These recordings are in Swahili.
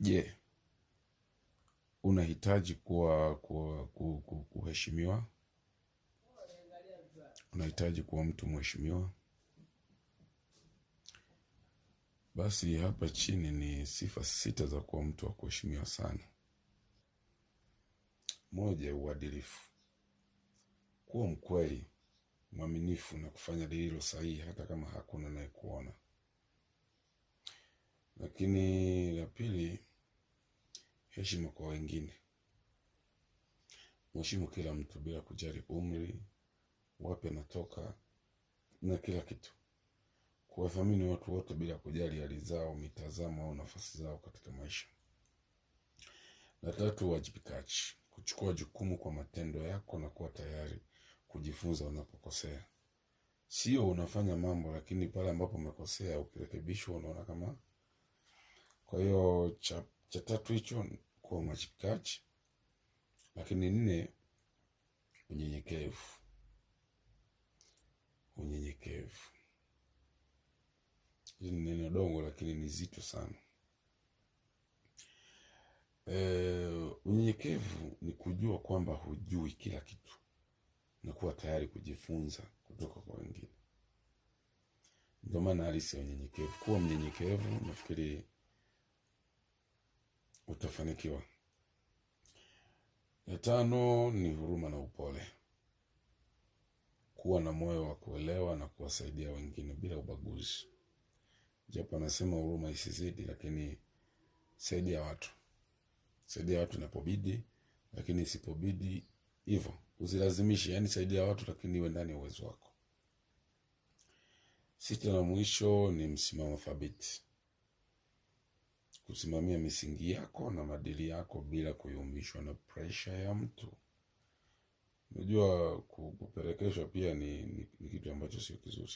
Je, unahitaji kuwa, kuwa, ku, ku, kuheshimiwa? Unahitaji kuwa mtu mheshimiwa? Basi hapa chini ni sifa sita za kuwa mtu wa kuheshimiwa sana. Moja, uadilifu. Kuwa mkweli, mwaminifu na kufanya lililo sahihi hata kama hakuna anayekuona. Lakini la pili heshima kwa wengine. Mheshimu kila mtu bila kujali umri, wapi anatoka na kila kitu. Kuwathamini watu wote bila kujali hali zao, mitazamo au nafasi zao katika maisha. Na tatu, wajibikaji kuchukua jukumu kwa matendo yako na kuwa tayari kujifunza unapokosea. Sio unafanya mambo lakini pale ambapo umekosea ukirekebishwa unaona kama. Kwa hiyo cha, cha tatu hicho kuwa umachipikachi, lakini nne, unyenyekevu. Unyenyekevu hili ni neno dongo, lakini ni zito sana. E, unyenyekevu ni kujua kwamba hujui kila kitu na kuwa tayari kujifunza kutoka kwa wengine. Ndio maana halisi ya unyenyekevu, kuwa mnyenyekevu. Nafikiri utafanikiwa. Ya tano ni huruma na upole, kuwa na moyo wa kuelewa na kuwasaidia wengine bila ubaguzi. Japo anasema huruma isizidi, lakini saidia watu, saidia watu inapobidi, lakini isipobidi hivyo usilazimishe. Yani saidia watu, lakini iwe ndani ya uwezo wako. Sita na mwisho ni msimamo thabiti kusimamia misingi yako na maadili yako bila kuyumbishwa na presha ya mtu. Unajua kuperekeshwa pia ni, ni, ni kitu ambacho sio kizuri.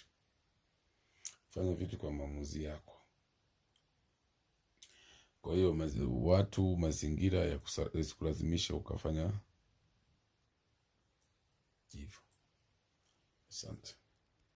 Fanya vitu kwa maamuzi yako. Kwa hiyo watu mazingira ya kulazimisha ukafanya hivyo. Asante.